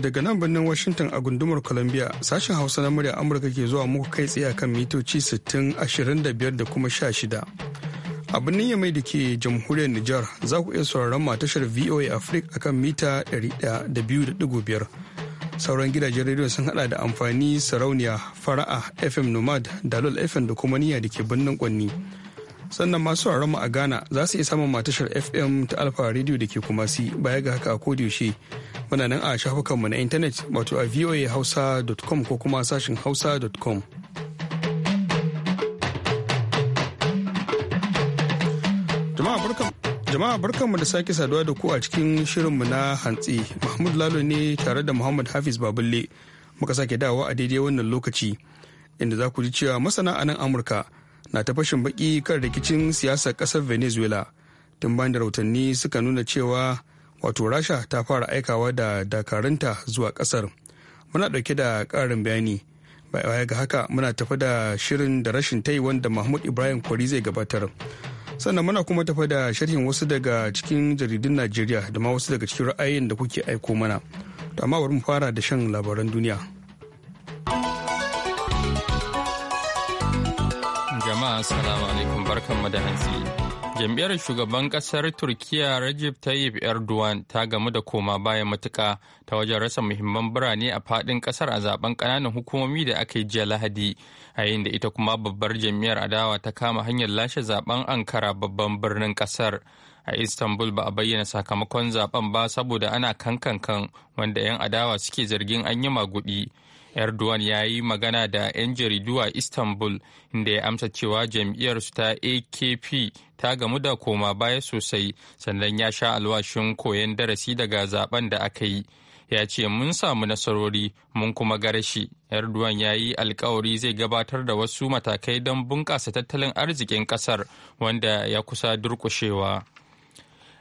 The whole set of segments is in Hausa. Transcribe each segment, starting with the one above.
daga nan birnin Washington a gundumar Columbia sashen Hausa na murya Amurka ke zuwa muku kai tsaye akan mitoci 60, 25 da kuma 16. A birnin Yamai da ke jamhuriyar Nijar za ku iya sauraron ma tashar VOA Africa akan mita biyar Sauran gidajen rediyo sun hada da amfani sarauniya fara'a FM Nomad, Dalol FM da kuma niyya da ke birnin Kwanni. sannan masu mu a ghana za su iya samun matashar fm ta alfa radio da ke kumasi baya ga haka a daushe. muna nan a shafukanmu na intanet wato a voahausa.com ko kuma sashin hausa.com jama'a barkanmu da sake saduwa da ku a cikin shirinmu na hantsi mahmud lalo ne tare da muhammad hafiz babulle muka sake dawa a daidai wannan lokaci inda za ku ji cewa masana a nan amurka na ta fashin baki kan rikicin siyasar kasar venezuela tun bayan da rautanni suka nuna cewa wato rasha ta fara aikawa da dakarunta zuwa kasar muna dauke da karin bayani baya ga haka muna tafi da shirin da rashin tai wanda mahmud ibrahim kwari zai gabatar sannan muna kuma tafi da sharhin wasu daga cikin jaridun najeriya da ma wasu daga cikin ra'ayin da kuke aiko mana to amma bari mu fara da shan labaran duniya jama'a assalamu alaikum barkan da hantsi Jam'iyyar shugaban kasar Turkiyya Recep Tayyip Erdogan ta gamu da koma bayan matuka ta wajen rasa muhimman birane a fadin kasar a zaben kananan hukumomi da aka yi jiya Lahadi, a yayin da ita kuma babbar jam'iyyar adawa ta kama hanyar lashe zaben Ankara babban birnin kasar. a istanbul ba a bayyana sakamakon zaben ba saboda ana kankankan wanda 'yan adawa suke zargin an yi magudi erdogan ya yi magana da 'yan jaridu a istanbul inda ya amsa cewa jam'iyyarsu ta akp ta gamu da koma baya sosai sannan ya sha alwashin koyon darasi daga zaben da aka yi ya ce mun samu nasarori mun kuma garashi erdogan ya yi alkawari zai gabatar da wasu matakai don bunkasa tattalin arzikin kasar wanda ya kusa durƙushewa.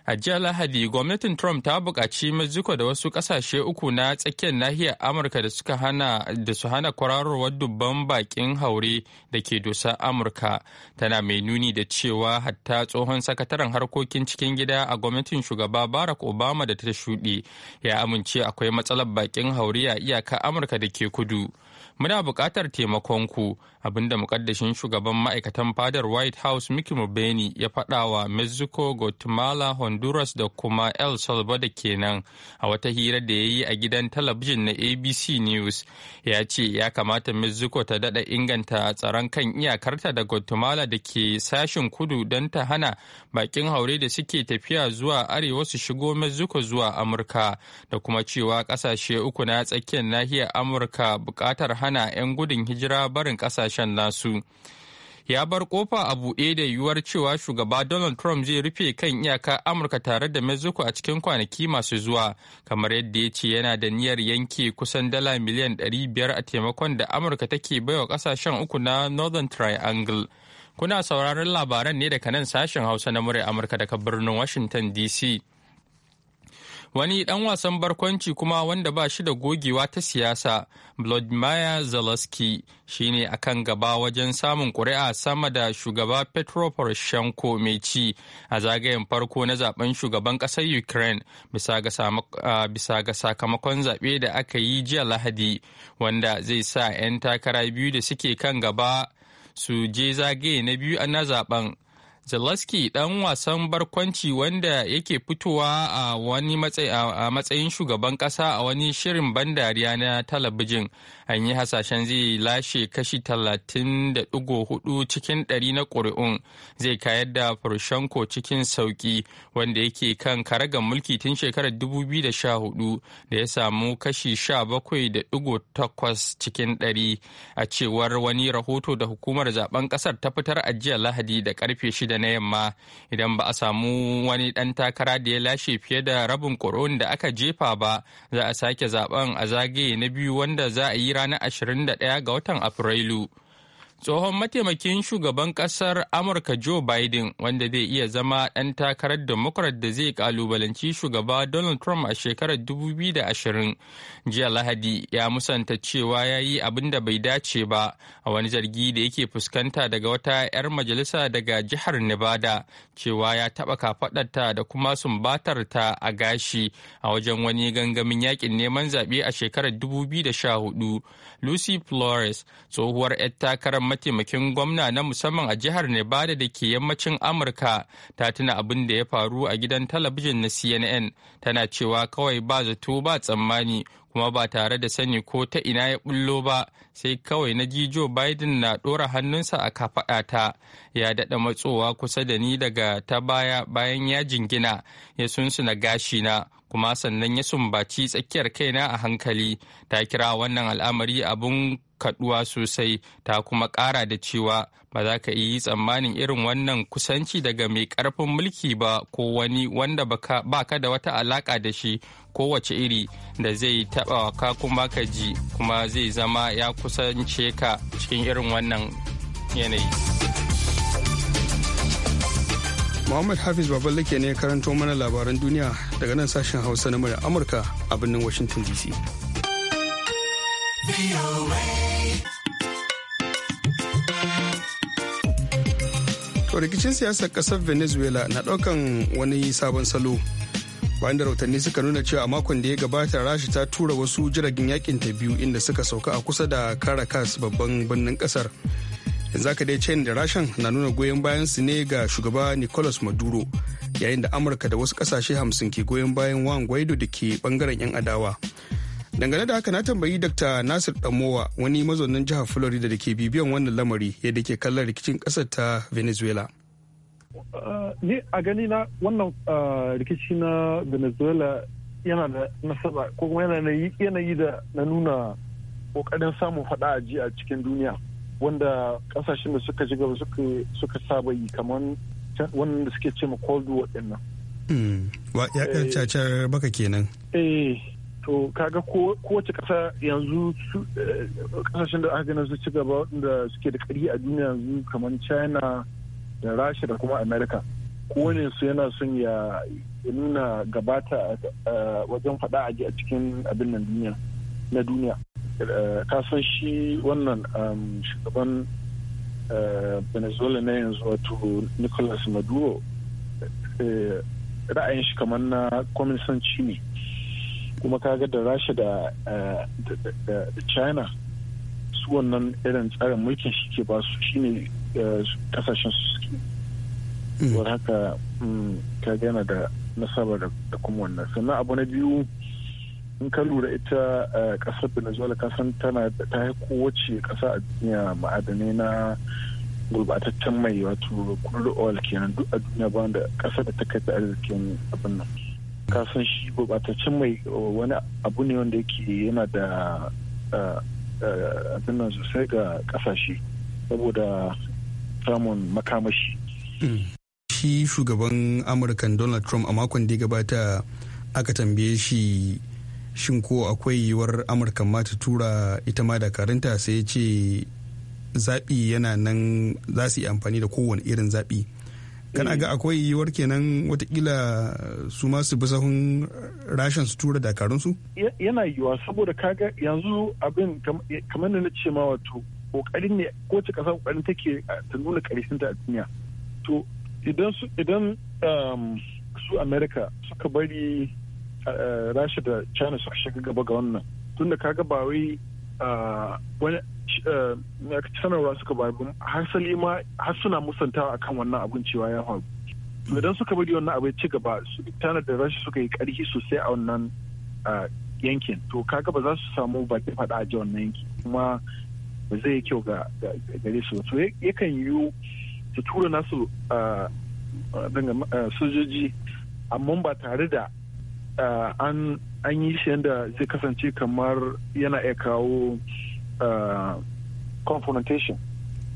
A jiya Lahadi, gwamnatin Trump ta buƙaci Mexico da wasu ƙasashe uku na tsakiyar nahiyar Amurka da suka hana da su hana kwararowar dubban baƙin haure da ke dosa Amurka. Tana mai nuni da cewa hatta tsohon sakataren harkokin cikin gida a gwamnatin shugaba Barack Obama da ta shuɗe ya amince akwai matsalar baƙin haure a iyaka Amurka da ke kudu. muna buƙatar taimakonku abinda muƙaddashin shugaban ma'aikatan fadar white house mickey mubeni ya faɗa wa mexico guatemala honduras da kuma el salvador kenan a wata hira da ya yi a gidan talabijin na abc news ya ce ya kamata mexico ta daɗa inganta tsaron kan iyakarta da guatemala da ke sashen kudu don ta hana bakin haure da suke tafiya zuwa arewa su shigo mexico zuwa amurka da kuma cewa ƙasashe uku na tsakiyar nahiyar amurka buƙatar hana 'yan gudun hijira barin kasashen nasu. ya bar kofa a buɗe da yiwuwar cewa shugaba Donald Trump zai rufe kan iyaka Amurka tare da Mexico a cikin kwanaki masu zuwa, kamar yadda ya ce yana da niyyar yanke kusan dala miliyan 500 a taimakon da Amurka take baiwa kasashen uku na Northern Triangle. Kuna sauraron labaran ne daga nan sashen Hausa na murya Amurka daga birnin Washington DC. wani ɗan wasan barkwanci kuma wanda ba shi da gogewa ta siyasa vladimir zelensky shine a kan gaba wajen samun ƙuri'a sama da shugaba petro poroshenko mai ci a zagayen farko na zaben shugaban ƙasar ukraine bisa ga sakamakon zaɓe da aka yi jiya lahadi wanda zai sa 'yan takara biyu da suke kan gaba su je zagaye na biyu na zaben Zelensky ɗan wasan barkwanci wanda yake fitowa a wani matsayin shugaban ƙasa a wani shirin ban dariya na talabijin an yi hasashen zai lashe kashi talatin 30.4 cikin 100 na ƙuri'un zai kayar da Poroshenko cikin sauƙi wanda yake kan karagar mulki tun shekarar 2014 da ya samu kashi da 17.8 cikin 100 a cewar wani rahoto da hukumar zaben ƙasar ta fitar a jiya lahadi da karfe 6 da na yamma idan ba a samu wani ɗan takara da ya lashe fiye da rabin ƙuri'un da aka jefa ba za a sake zaben a zagaye na biyu wanda za a yi ranar 21 ga watan afrilu. tsohon mataimakin shugaban kasar amurka joe biden wanda zai iya zama ɗan takarar democrat da zai kalubalanci shugaba donald trump a shekarar 2020 jiya lahadi ya musanta cewa ya yi abin da bai dace ba a wani zargi da yake fuskanta daga wata 'yar majalisa daga jihar nevada cewa ya taɓa kafaɗarta da kuma sumbatar ta a gashi a wajen wani gangamin yakin neman zaɓe a shekarar 2014 lucy flores tsohuwar 'yar takarar mataimakin gwamna na musamman a jihar Nevada da ke yammacin Amurka ta tuna abin da ya faru a gidan talabijin na CNN tana cewa kawai ba zato ba tsammani kuma ba tare da sani ko ta ina ya bullo ba sai kawai na ji Joe Biden na ɗora hannunsa a ta ya daɗa matsowa kusa da ni daga ta baya bayan ya jingina ya sunsuna gashina kuma sannan ya sumbaci tsakiyar kaina a hankali ta kira wannan al'amari abun kaduwa sosai ta kuma kara da cewa ba za ka yi tsammanin irin wannan kusanci daga mai karfin mulki ba ko wani wanda ba ka da wata alaka da shi kowace iri da zai taba ka kuma ka ji kuma zai zama ya kusance ka cikin irin wannan yanayi Muhammad Hafiz Baballake ne karanto mana labaran duniya daga nan sashen Hausa na Amurka a birnin Washington DC. To rikicin siyasar kasar Venezuela na daukan wani sabon salo. Bayan da rautanni suka nuna cewa a makon da ya gabata rashi ta tura wasu jiragen yakin ta biyu inda suka sauka a kusa da Caracas babban birnin kasar. Yanzu aka dai China da Rashan na nuna goyon bayan su ne ga shugaba Nicolas Maduro yayin da Amurka da wasu kasashe hamsin ke goyon bayan Juan Guaido da ke bangaren 'yan adawa. dangane da haka na tambayi dr nasir damowa wani mazaunin jihar florida da ke bibiyan wannan lamari yadda ke kallon rikicin kasar ta venezuela uh, ni a gani na wannan uh, rikici na venezuela yana da nasaba ko kuma yana yanayi da na nuna kokarin samun fada a ji a cikin duniya wanda kasashen da suka ji gaba suka saba yi kamar wannan da suke ce ma cold war din nan hmm. ya eh. cacar baka kenan eh to kaga kowace ƙasa yanzu kasashen eh, da aka gina su ci gaba suke da ƙari a duniya yanzu kamar china da rasha da kuma america kowane su yana son ya nuna gabata eh, wajen faɗa aji a cikin abin nan duniya na duniya eh, kasan shi wannan um, shugaban venezuela na yanzu wato nicolas maduro ra'ayin shi kamar na kwaminsanci ne kuma kaga da rasha eh, da china su wannan irin tsarin mulkin shi ke ba su shine eh, kasashen su suke wadda mm. haka mm, ka gana da nasaba da kuma wannan sannan abu na biyu in ka lura ita kasar eh, venezuela kasan tana ta yi kowace kasa a duniya ma'adanai na gurbataccen mai wato crude oil kenan duk a duniya ba da kasar da ta kai da arzikin abin nan kasan shi gobataccen mai wani abu ne wanda yake yana da abin sosai ga kasashe saboda samun makamashi hmm. shi shugaban amurkan donald trump a makon da ya gabata aka tambaye shi shin ko akwai yiwuwar amurka ma ta tura ita ma dakarunta sai ya ce zaɓi yana nan za su yi amfani da kowane irin zaɓi kana ga akwai yiwuwar kenan watakila su ma su bi sahun rashin su tura dakarunsu. yana yiwuwa saboda kaga yanzu abin kamar da na ce ma wato kokarin ne ko ce kasa kokarin take ta nuna karshen ta a duniya to idan su idan um, su america suka bari rasha da china suka shiga gaba ga wannan tunda kaga ba wai wani sanarwa suka bayar hasali ma har suna musantawa akan wannan abin cewa ya faru idan suka bari wannan abin ci gaba su tana da rashi suka yi karfi sosai a wannan yankin to kaga ba za su samu bakin faɗa a ji wannan yankin kuma ba zai yi kyau ga gare su to yakan yiwu su tura nasu sojoji amma ba tare da Ah, an yi shi yadda zai kasance kamar yana iya kawo ah, confrontation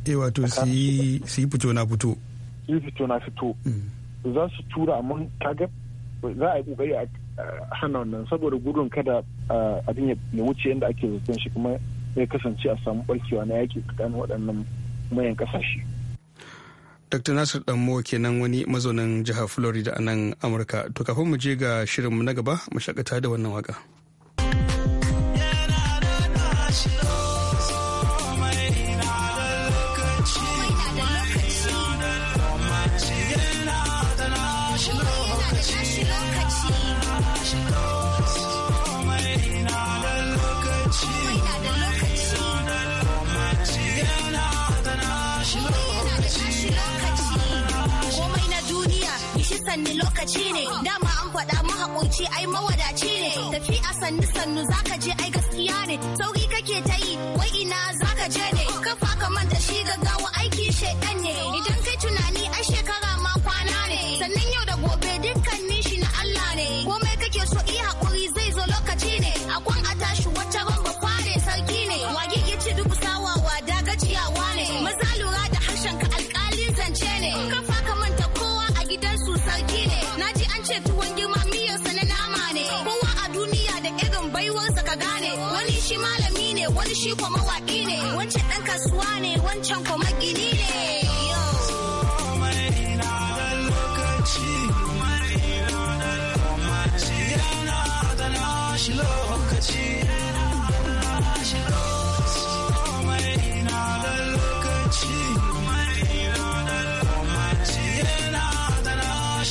eh wato su yi fito na fito su yi fito na fito mm. za su tura mun target za a yi kokari a hana wannan saboda gudun kada ah, abin ya wuce yadda ake zaton shi kuma ya kasance a samu barkewa na yaki tsakanin waɗannan mayan ƙasashe. Dr. Nasir Danmo kenan wani mazaunin jihar Florida a nan Amurka. To kafin mu je ga shirinmu na gaba, mu shakata da wannan waƙa. sanni lokaci ne dama an faɗa mahaƙurci ai mawadaci ne tafi a sanni sannu zaka je ai gaskiya ne sauri kake ta yi wai ina zaka je ne kafa ka manta shi gaggawa aiki shedan ne idan kai tunani ai shekara shi ko mawaki ne wancan ɗan kasuwa ne wancan kuma gini ne lokaci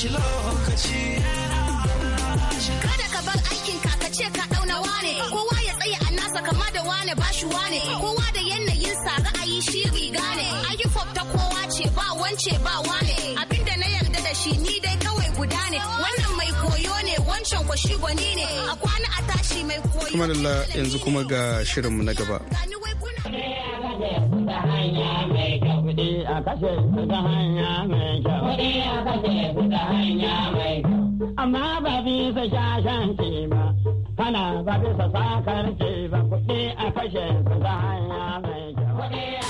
shi lokaci. Kada ka bar aikin ka ka ce ka ɗaunawa ne kowa da wane ba wane kowa da yanayin sa ra'ayi shi riga ne ayi ta kowa ce ba wance ba wane abinda na yarda da shi ni dai kawai guda ne wannan mai koyo ne wancan ko shi gwani ne a kwana a tashi mai koyo kuma yanzu kuma ga shirin mu na gaba Amma ba bisa shashanci ba, Kana ba sa sakar ce kuɗi a su hanya mai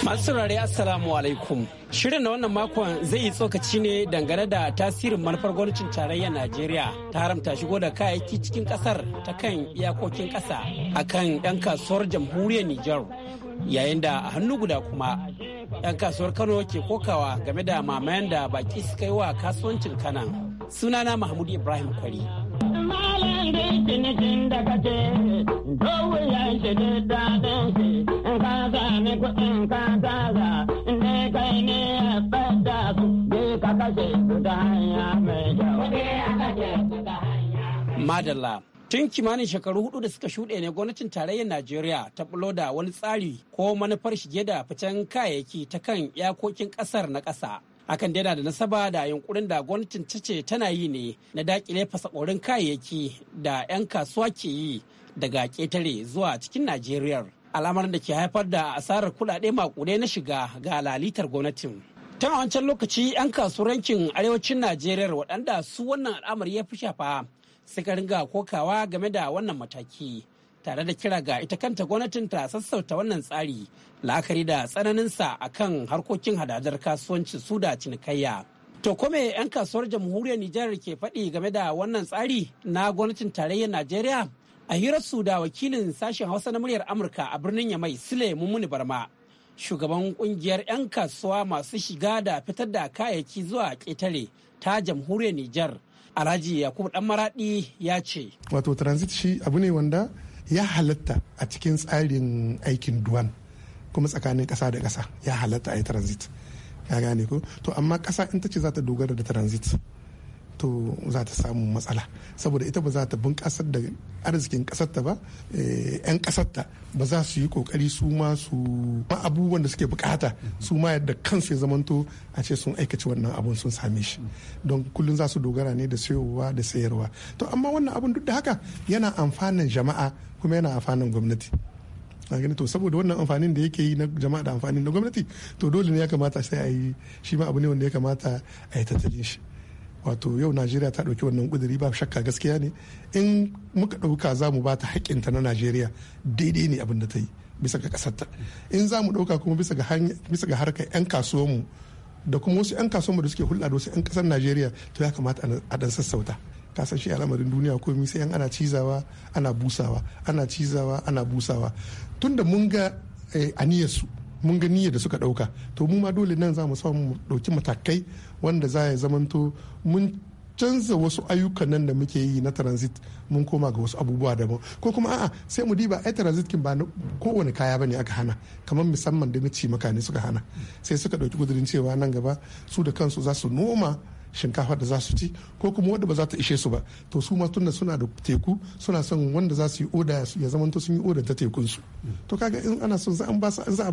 Masu saurare Assalamu alaikum. Shirin na wannan makon zai yi tsokaci ne dangane da tasirin manufar gwamnatin tarayyar Najeriya ta haramta shigo da kayayyaki cikin kasar ta kan iyakokin kasa a kan 'yan kasuwar jamhuriyar Nijar yayin da a hannu guda kuma 'yan kasuwar Kano ke kokawa game da mamayen da baki suka yi wa kasuwancin kanan. Sunana Mahmud Ibrahim Kwari. in dai cinikin da kace ya shi in ka sami kuɗin ka in dai kai su ka kashe su ta hanya mai kyau. Tun kimanin shekaru hudu da suka shuɗe ne gwamnatin tarayyar Najeriya ta bulo da wani tsari ko manufar shige da ficen kayayyaki ta kan iyakokin ƙasar na ƙasa. Hakan dai na da nasaba da yunkurin da gwamnatin ta ce tana yi ne na daƙile fasakorin kayayyaki da 'yan kasuwa ke yi daga ƙetare zuwa cikin Najeriya. Alamar da ke haifar da asarar kuɗaɗe maƙudai na shiga ga lalitar gwamnatin. tun a wancan lokaci 'yan kasuwar yankin arewacin najeriya waɗanda su wannan al'amari ya fi shafa suka ringa kokawa game da wannan mataki tare da kira ga ita kanta gwamnatin ta sassauta wannan tsari la'akari da tsananinsa a kan harkokin hadadar kasuwanci su da cinikayya. To kome 'yan kasuwar jamhuriyar Nijar ke faɗi game da wannan tsari na gwamnatin tarayyar Najeriya? A hirar su da wakilin sashen Hausa na muryar Amurka a birnin Yamai Sule Mummuni Barma. Shugaban kungiyar 'yan kasuwa masu shiga da fitar da kayayyaki zuwa ƙetare ta jamhuriyar Nijar Alhaji Yakubu Dan Maradi ya ce. Wato transit shi abu ne wanda ya halatta a cikin tsarin aikin duwan kuma tsakanin ƙasa da ƙasa ya halatta a yi transit. Ya gane ko? To amma ƙasa in ta ce za ta dogara da transit to za ta samu matsala saboda ita ba za ta bunƙasar da arzikin ƙasarta ba 'yan eh, ƙasarta ba za su yi ƙoƙari su ma su ma abubuwan da suke bukata su ma yadda kansu ya zamanto a ce sun aikaci wannan abun sun same shi don kullum za su dogara ne da sayowa da sayarwa to amma wannan abun duk da haka yana amfanin jama'a kuma yana amfanin gwamnati gani to saboda wannan amfanin da yake yi na jama'a da amfanin na gwamnati to dole ne ya kamata sai a yi shi ma abu ne wanda ya kamata a yi tattalin shi wato yau najeriya ta ɗauki wannan kuduri ba shakka gaskiya ne in muka ɗauka za mu ba ta na najeriya daidai ne abin da ta yi bisa ga ƙasarta in za mu ɗauka kuma bisa ga harkar 'yan kasuwanmu da kuma wasu 'yan kasuwanmu da suke hulɗa da wasu 'yan ƙasar najeriya to ya kamata a ɗan sassauta kasan shi al'amarin duniya komai sai an ana cizawa ana busawa ana cizawa ana busawa tunda mun ga eh, aniyarsu mun ga niyyar da suka ɗauka to mu ma dole nan za mu samu mu ɗauki matakai wanda za ya zamanto mun canza wasu ayyukan nan da muke yi na transit mun koma ga wasu abubuwa daban ko kuma a'a sai mu diba ai transit kin ba kowane kaya bane aka hana kamar musamman da mace makani suka hana sai suka dauki gudurin cewa nan gaba su da kansu za su noma shinkafa da za su ci ko kuma wadda ba za ta ishe su ba to su ma tunda suna da teku suna son wanda za su yi oda ya zamanto sun yi oda ta tekun su to kaga in ana son za a ba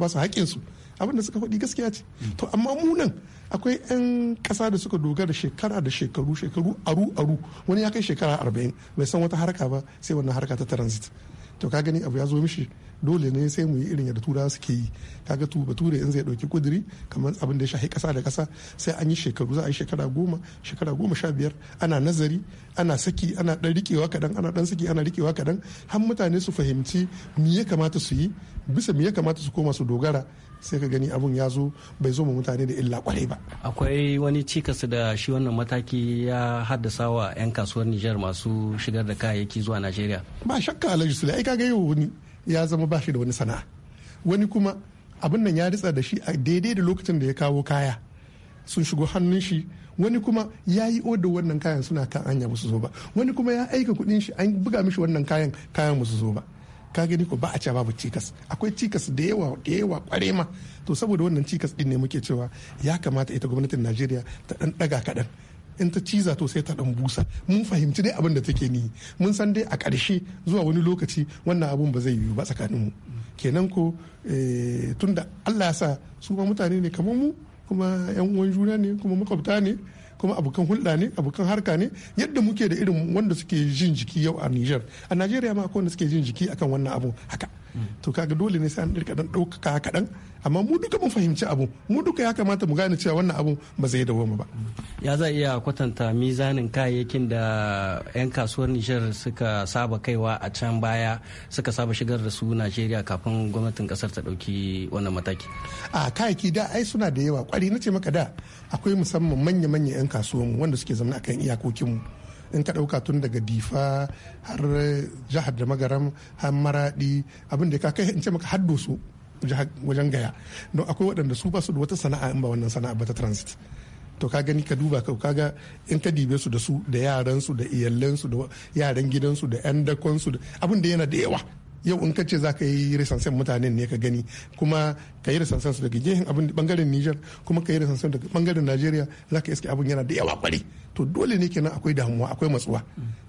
su haƙƙin su abinda suka faɗi gaskiya ce to amma mu nan akwai 'yan ƙasa da suka dogara shekara da shekaru shekaru aru aru wani ya kai shekara arba'in bai san wata harka ba sai wannan harka ta transit to ka gani abu ya zo mishi dole ne sai mu yi irin yadda turawa suke yi kaga tu bature in zai dauki kudiri kamar abin da ya shafi kasa da kasa sai an yi shekaru za a yi shekara goma shekara goma sha biyar ana nazari ana saki ana dan rikewa kadan ana dan saki ana rikewa kadan har mutane su fahimci me ya kamata su yi bisa me ya kamata su koma su dogara sai ka gani abun ya zo bai zo ma mutane da illa kwarai ba akwai wani cikas da shi wannan mataki ya haddasa wa 'yan kasuwar nijar masu shigar da kayayyaki zuwa najeriya ba shakka alhaji sulai ai kaga yau wani ya zama ba shi da wani sana'a wani kuma abin nan ya ritsa da shi a daidai da lokacin da ya kawo kaya sun shigo hannun shi wani kuma ya yi odar wannan kayan suna kan anya musu zo ba wani kuma ya aika kudin shi an buga mishi wannan kayan kayan musu zo ba ka gani ko ba a ce babu cikas akwai cikas da yawa da yawa kware ma to saboda wannan cikas din ne muke cewa ya kamata ita gwamnatin Najeriya ta dan daga kadan in ta ciza to sai ta dan busa mun fahimci dai abin da take ni mun san dai a ƙarshe zuwa wani lokaci wannan abun ba zai yiwu ba tsakanin mu kenan ko eh, tunda Allah ya sa su ma mutane ne kamar mu kuma yan uwan juna ne kuma makwabta ne kuma abokan hulɗa ne abokan harka ne yadda muke da irin wanda suke jin jiki yau a Niger a Najeriya ma akwai wanda suke jin jiki akan wannan abun haka to kaga dole ne sai an dirka dan ɗaukaka kaɗan amma mu duka mun fahimci abu mu duka ya kamata mu gane cewa wannan abu ba zai dawoma ba ya za iya kwatanta mizanin kayayyakin da 'yan kasuwar nijar suka saba kaiwa a can baya suka saba shigar da su najeriya kafin gwamnatin kasar ta ɗauki wannan mataki a kayayyaki da ai suna da yawa kwari na ce maka da akwai musamman manya-manya 'yan mu wanda suke zama akan mu. in ka ɗauka tun daga difa har jihar da magaram har maraɗi abin da ka kai in ce maka haddo su wajen gaya don akwai waɗanda su basu su da wata sana'a in ba wannan sana'a ba ta transit to ka gani ka duba ka kaga in ka dibe su da su da yaran su da iyalan da yaran gidansu da yan dakon su abin da yana da yawa yau in kace za ka yi resansan mutanen ne ka gani kuma ka yi resansan su daga gehen abin bangaren Niger kuma ka yi resansan daga bangaren Najeriya za ka iske abin yana da yawa kwari to dole ne kenan akwai damuwa akwai matsuwa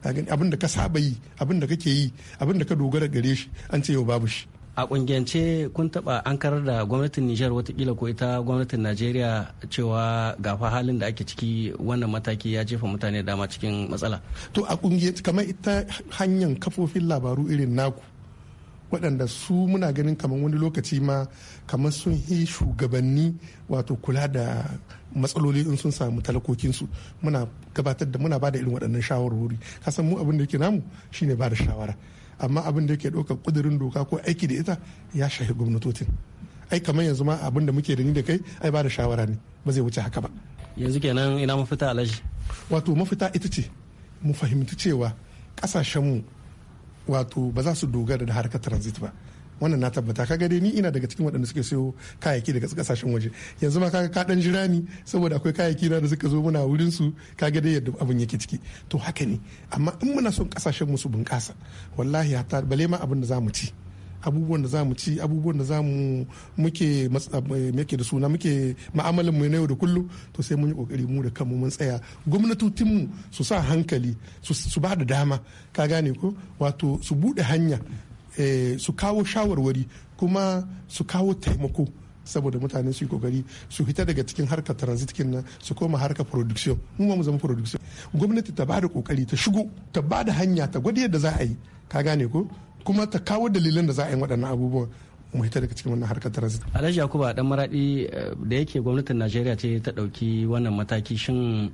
ka gani abin da ka saba yi abin da kake yi abin da ka dogara gare shi an ce yau babu shi a kungiyance kun taba an karar da gwamnatin Nijar watakila ko ita gwamnatin Najeriya cewa gafa halin da ake ciki wannan mataki ya jefa mutane dama cikin matsala. To a kungiyance kamar ita hanyar kafofin labaru irin naku waɗanda su muna ganin kamar wani lokaci ma kamar sun yi shugabanni wato kula da matsaloli in sun samu talakokinsu muna gabatar da muna bada irin waɗannan shawarwari kasan mu abin da yake namu shine ba da shawara amma abin da yake ɗaukar ƙudurin doka ko aiki da ita ya shahi gwamnatocin ai kamar yanzu ma abin da muke da ni da kai ai ba da shawara ne ba zai wuce haka ba yanzu kenan ina mafita alaji wato mafita ita ce mu fahimci cewa mu. wato ba za su dogara da harkar transit ba wannan na tabbata kaga dai ni ina daga cikin waɗanda suke sayo kayayyaki daga kasashen waje yanzu ma kaga ka dan jira ni saboda akwai kayayyaki na da suka zo muna wurin su ka dai yadda abin yake ciki to haka ne amma in muna son kasashen mu su bunƙasa wallahi hatta bale ma abin da za mu ci abubuwan da za mu ci abubuwan da za mu muke eh, muke da suna muke ma'amalan mu na yau da kullum to sai mun yi kokari mu da kanmu mun tsaya gwamnatocin mu su sa hankali su ba da dama ka gane ko wato su bude hanya eh, su kawo shawarwari kuma su kawo taimako saboda mutane su yi kokari su fita daga cikin harka transit kin nan su koma harka production mu mu zama production gwamnati ta ba da kokari ta shigo ta ba da hanya ta gwada yadda za a yi ka gane ko kuma ta kawo dalilan da za a yi waɗannan abubuwan mu hita daga cikin wannan harkar transit. Alhaji Yakuba dan Maraɗi eh, da yake gwamnatin Najeriya ce ta ɗauki wannan mataki shin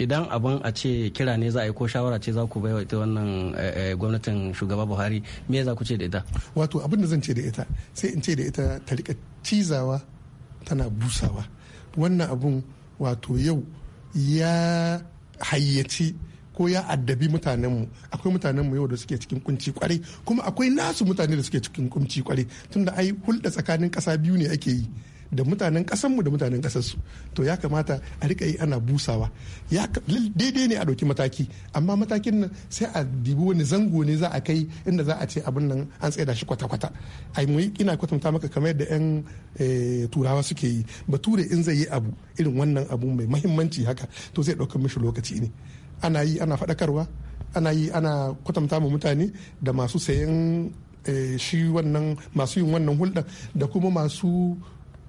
idan abin a ce kira ne za a yi ko shawara ce za ku bai wa ita wannan eh, eh, gwamnatin shugaba Buhari me za ku ce da ita? Wato abin da zan ce da ita sai in ce da ita ta rika cizawa tana busawa wannan abun wato yau ya hayyaci ko ya addabi mutanenmu akwai mutanenmu yau da suke cikin kunci kwarai kuma akwai nasu mutane da suke cikin kunci kwarai tunda ai hulɗa tsakanin ƙasa biyu ne ake yi da mutanen ƙasanmu da mutanen ƙasarsu to ya kamata a rika yi ana busawa daidai ne a ɗauki mataki amma matakin nan sai a dibi wani zango ne za a kai inda za a ce abin nan an da shi kwata-kwata ai mu ina kwatanta maka kamar yadda yan eh, turawa suke yi bature in zai yi abu irin wannan abu mai mahimmanci haka to zai ɗaukar mishi lokaci ne ana yi ana faɗakarwa ana yi ana kwatanta mu mutane da masu sayan eh, shi wannan masu yin wannan hulɗa da kuma masu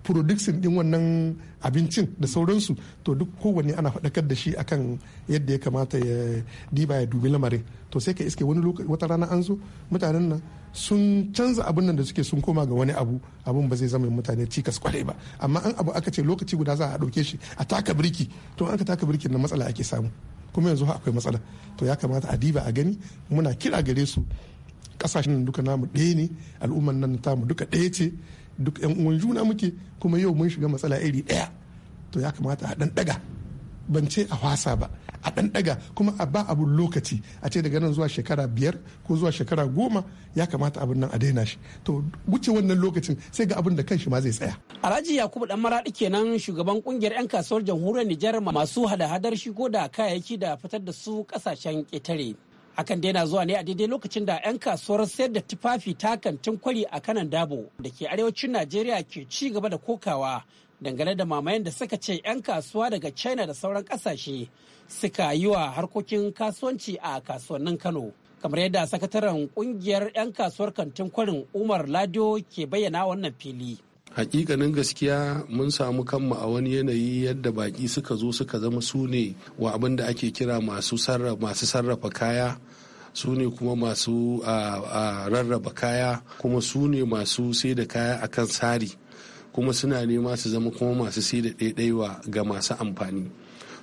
production din wannan abincin da sauransu to duk kowanne ana faɗakar da shi akan yadda ya kamata ya diba ya dubi lamarin to sai ka iske wani lokaci wata rana an zo mutanen nan sun canza abin nan da suke sun koma ga wani abu abun ba zai zama mutane cikas kwarai ba amma an abu aka ce lokaci guda za a ɗauke shi a taka birki to an ka taka birkin na matsala ake samu kuma yanzu akwai matsala to ya kamata a diba a gani muna kira gare su kasashen nan duka namu ɗaya ne al'umman nan tamu duka ɗaya ce duk yan uwan juna muke kuma yau mun shiga matsala iri ɗaya to ya kamata a ɗan ɗaga ban ce a wasa ba a ɗan ɗaga kuma a ba abun lokaci a ce daga nan zuwa shekara biyar ko zuwa shekara goma ya kamata abin nan a daina shi to wuce wannan lokacin sai ga abin da kanshi ma zai tsaya alhaji yakubu dan maraɗi kenan shugaban kungiyar yan kasuwar jamhuriyar nijar masu hada-hadar shigo da kayayyaki da fitar da su kasashen ƙetare hakan dai na zuwa ne a daidai lokacin da 'yan kasuwar sayar da tufafi ta kantin kwari a kanan dabo da ke arewacin najeriya ke ci gaba da kokawa dangane da mamayen da suka ce 'yan kasuwa daga china da sauran kasashe suka yi wa harkokin kasuwanci a kasuwannin kano kamar yadda sakataren kungiyar 'yan kasuwar kantin kwarin umar lado ke bayyana wannan fili hakikanin gaskiya mun samu kanmu a wani yanayi yadda baki suka zo suka zama su ne wa abin da ake kira masu sarrafa kaya su ne kuma masu rarraba kaya kuma su ne masu sai da kaya akan tsari kuma suna nema su zama kuma masu sai da ɗaiɗaiwa ga masu amfani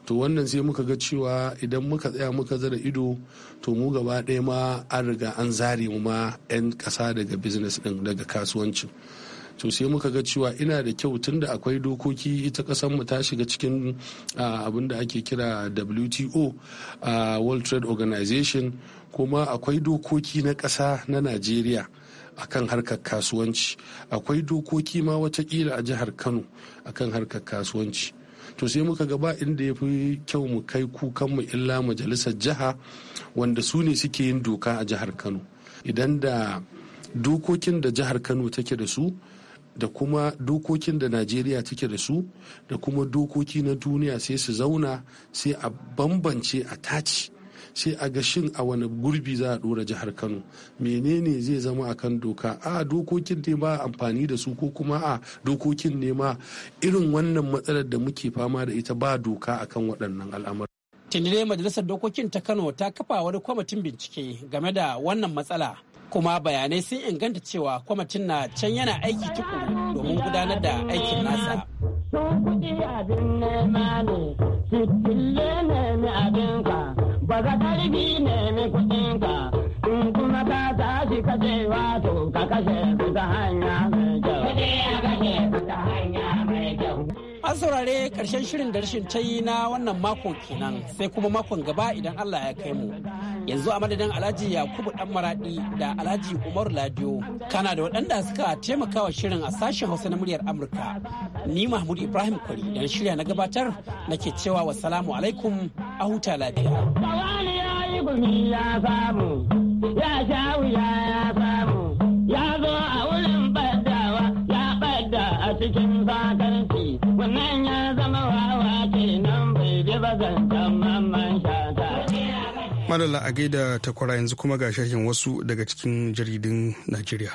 to wannan sai muka ga cewa idan muka tsaya muka zara ido to mu gaba ɗaya ma an riga an zare mu ma 'yan ƙasa daga business ɗin daga kasuwancin to sai muka ga cewa ina da kyau tunda akwai dokoki ita ƙasar mu ta shiga cikin abin da ake kira WTO World Trade Organization kuma akwai dokoki na ƙasa na Najeriya akan harkar kasuwanci akwai dokoki ma watakila a jihar kano akan harkar kasuwanci to sai muka gaba inda ya fi kyau mu kai kukanmu illa majalisar jiha wanda su ne suke yin doka a jihar kano idan da dokokin da jihar kano take da su da kuma dokokin da najeriya take da su da kuma dokoki na duniya sai su zauna sai a bambance a taci sai a ga a wani gurbi za a dora jihar kano menene zai zama a kan doka a dokokin ne ba amfani da su ko kuma a dokokin ne ma irin wannan matsalar da muke fama da ita ba doka a kan waɗannan al'amura tindire Majalisar Dokokin ta Kano ta kafa wani kwamitin bincike game da wannan matsala kuma bayanai sun inganta cewa kwamitin na can yana aiki tukuru domin gudanar da aikin nasa. Sun kuɗi abin nema ne, abin ka. Baga ɗalibi ne mai kuɗin ka, in kuma ka tashi ka to ka kashe su ta hanya mai kyau. Kuɗi ya kashe ta hanya an saurare karshen shirin da rashin tayi na wannan makon kenan sai kuma makon gaba idan Allah ya kai mu yanzu a madadin alhaji yakubu dan maradi da alhaji umaru ladiyo kana da waɗanda suka taimaka wa shirin a sashen hausa na muryar amurka ni mahmud ibrahim kwari da shirya na gabatar nake cewa wasalamu alaikum a huta lafiya ya ya wuya madalla a gaida takwara yanzu kuma ga sharhin wasu daga cikin jaridun najeriya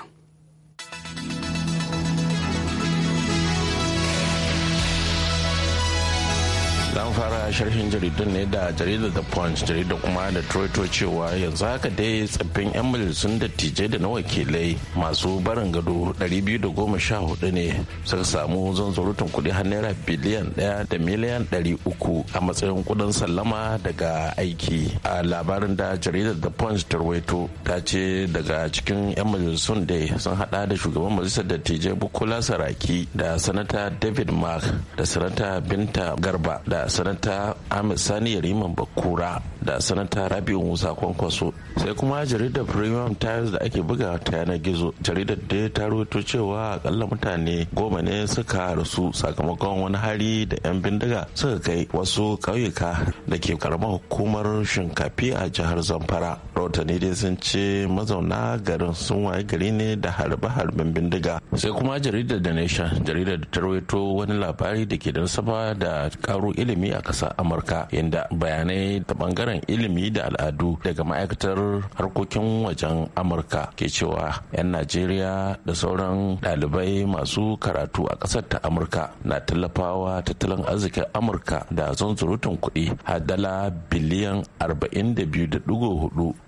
fara sharhin jaridun ne da jaridar The Punch jaridar kuma da Troito cewa yanzu haka dai tsaffin 'yan majalisun dattijai da na wakilai masu barin gado 214 ne sun samu zanzurutun kuɗi har naira biliyan ɗaya da miliyan 300 a matsayin kuɗin sallama daga aiki a labarin da jaridar The Punch tarwaito ta ce daga cikin 'yan majalisun dai sun hada da shugaban majalisar dattijai Bukola Saraki da sanata David Mark da sanata Binta Garba da sanata makaranta Ahmed Sani Yariman Bakura da sanata rabiu musa kwankwaso sai kuma jaridar premium times da ake buga ta yanar gizo jaridar da ta rubuto cewa akalla mutane goma ne suka rasu sakamakon wani hari da 'yan bindiga suka kai wasu ƙauyuka da ke karamar hukumar shinkafi a jihar zamfara rahotanni dai sun ce mazauna garin sun waye gari ne da harbe-harben bindiga sai kuma jaridar da nation jaridar da ta rawaito wani labari da ke da nasaba da karo ilimi a ƙasar amurka inda bayanai da bangaren bangaren ilimi da al'adu daga ma'aikatar harkokin wajen amurka ke cewa 'yan najeriya da sauran dalibai masu karatu a ƙasar ta amurka na tallafawa tattalin arzikin amurka da zanzurutun kuɗi a dala biliyan 42.4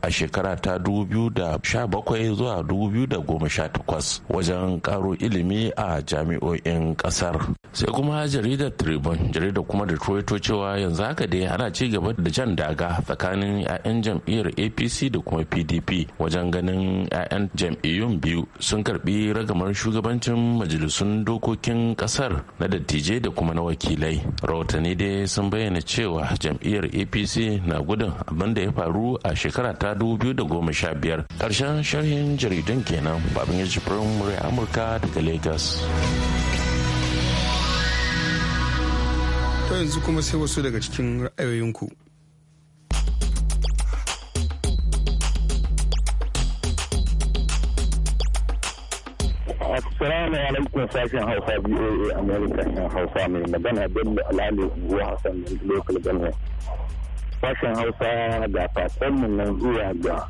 a shekara ta 2017 zuwa 2018 wajen ƙaro ilimi a jami'o'in ƙasar sai kuma jaridar tribune jaridar kuma da ruwaito cewa yanzu haka dai ana ci gaba da jan daga tsakanin 'ya'yan jam'iyyar apc da kuma pdp wajen ganin 'ya'yan jam'iyyun biyu sun karbi ragamar shugabancin majalisun dokokin kasar na dattijai da kuma na wakilai rahotanni dai sun bayyana cewa jam'iyyar apc na gudun abin da ya faru a shekara ta 2015 karshen sharhin jaridun kenan babin ya murya amurka daga lagos To yanzu kuma sai wasu daga cikin ra'ayoyinku. Assalamu alaikum sashen Hausa BOA America shan Hausa mai magana Bello Alali Unguwa Hassan Local Government. Sashen Hausa da fatanmu nan zuwa ga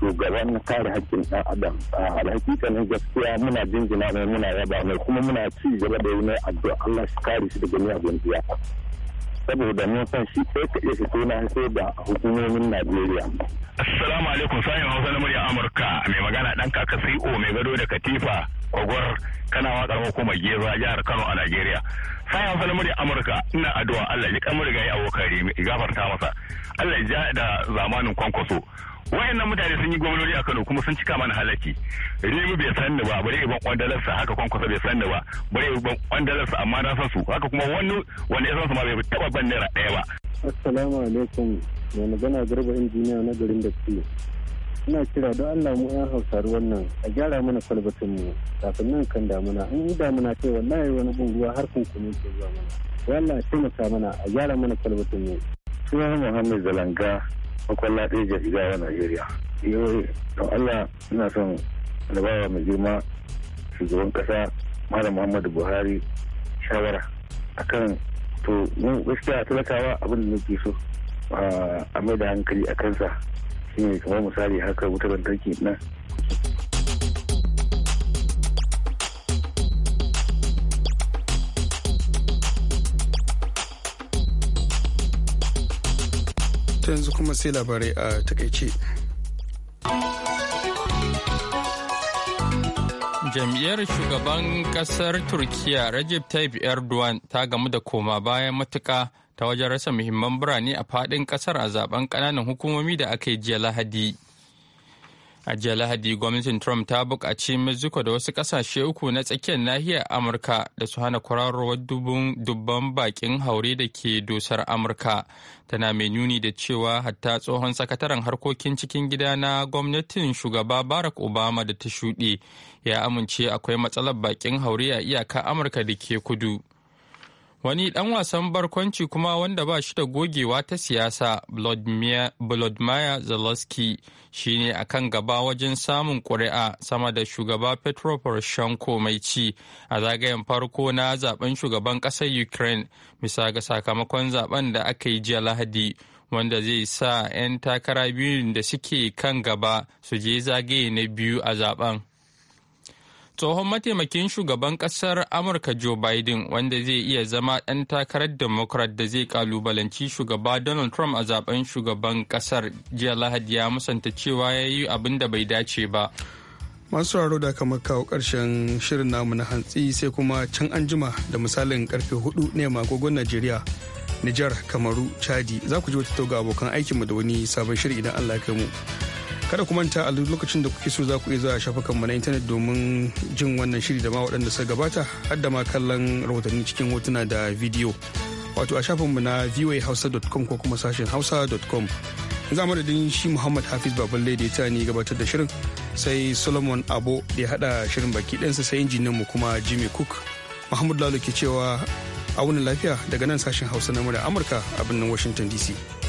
shugaban kare haƙƙin ɗan adam alhakikanin gaskiya muna jinjina mai muna yaba mai kuma muna ci gaba da yi mai addu'a Allah shi kare shi daga miyagun biya saboda mun san shi sai ka iya fito na sai da hukumomin Najeriya. Assalamu alaikum sayin Hausa na murya Amurka mai magana dan kaka sai e o mai gado da Katifa Kogwar kana wakar hukumar a jihar Kano a Najeriya. Sayin Hausa na murya Amurka ina addu'a Allah ya kamar ga ya abokan gafarta masa. Allah ya ja da zamanin kwankwaso. wayannan mutane sun yi gwamnati a Kano kuma sun cika mana halaki Rimu bai san ni ba bare ban kwandalarsa haka kwankwasa bai san ni ba bare ban kwandalarsa amma na san su haka kuma wani wanda ya san su ma bai taba ban naira ɗaya ba Assalamu alaikum mai magana garba injiniya na garin da ke ina kira don Allah mu an hausar wannan a gyara mana kwalbatin mu kafin nan kan damuna in yi damuna ce yi wani bunguwa har kun kuma ke zuwa mana wallahi taimaka mana a gyara mana kwalbatin mu sunan Muhammad Zalanga makwalla ɗaya ga igawa Najeriya. Yau, don Allah ina son alabawa mai girma shugaban ƙasa Malam Muhammadu Buhari shawara kan to mun gaskiya talakawa abin da nake so ah, a mai da hankali a kansa shine kamar misali haka wutar lantarki na. yanzu kuma sai labarai a takaice jam'iyyar shugaban kasar turkiya Recep Tayyip Erdogan ta gamu da koma bayan matuka ta wajen rasa muhimman birane a fadin kasar a zaben kananan hukumomi da aka yi jiya lahadi A jiya Lahadi gwamnatin Trump ta buƙaci Mexico da wasu ƙasashe uku na tsakiyar nahiyar Amurka da su hana kwararowar dubban bakin haure da ke dusar Amurka. Tana mai nuni da cewa hatta tsohon sakataren harkokin cikin gida na gwamnatin shugaba Barack Obama da ta shuɗe ya amince akwai matsalar bakin haure a iyaka Amurka da ke kudu. wani ɗan wasan barkwanci kuma wanda ba shi da gogewa ta siyasa Volodymyr Zelensky shi ne a kan gaba wajen samun ƙuri'a sama da shugaba Petro Poroshenko mai ci a zagayen farko na zaben shugaban ƙasar Ukraine bisa ga sakamakon zaben da aka yi jiya Lahadi wanda zai sa 'yan takara biyun da suke kan gaba su je zagaye na biyu a zaben. tsohon mataimakin shugaban kasar Amurka Joe Biden wanda zai iya zama ɗan takarar Democrat da zai kalubalanci shugaba Donald Trump a zaben shugaban kasar jiya Lahadi ya musanta cewa ya yi abin da bai dace ba. Masu raro da kama kawo karshen shirin namu na hantsi sai kuma can anjima da misalin karfe hudu ne magogon Najeriya. Nijar, Kamaru, Chadi za ku ji wata toga abokan aikinmu da wani sabon shiri idan Allah ya kai mu. kada ku manta a lokacin da kuke so za ku iya zuwa shafukanmu na intanet domin jin wannan shiri da ma waɗanda suka gabata har da ma kallon rahotanni cikin hotuna da bidiyo wato a mu na voahausa.com ko kuma sashen hausa.com za mu da shi muhammad hafiz baballe da ta ni gabatar da shirin sai solomon abo da ya haɗa shirin baki ɗansa sai injinin mu kuma jimmy cook muhammad lalo ke cewa a lafiya daga nan sashen hausa na murya amurka a birnin washington dc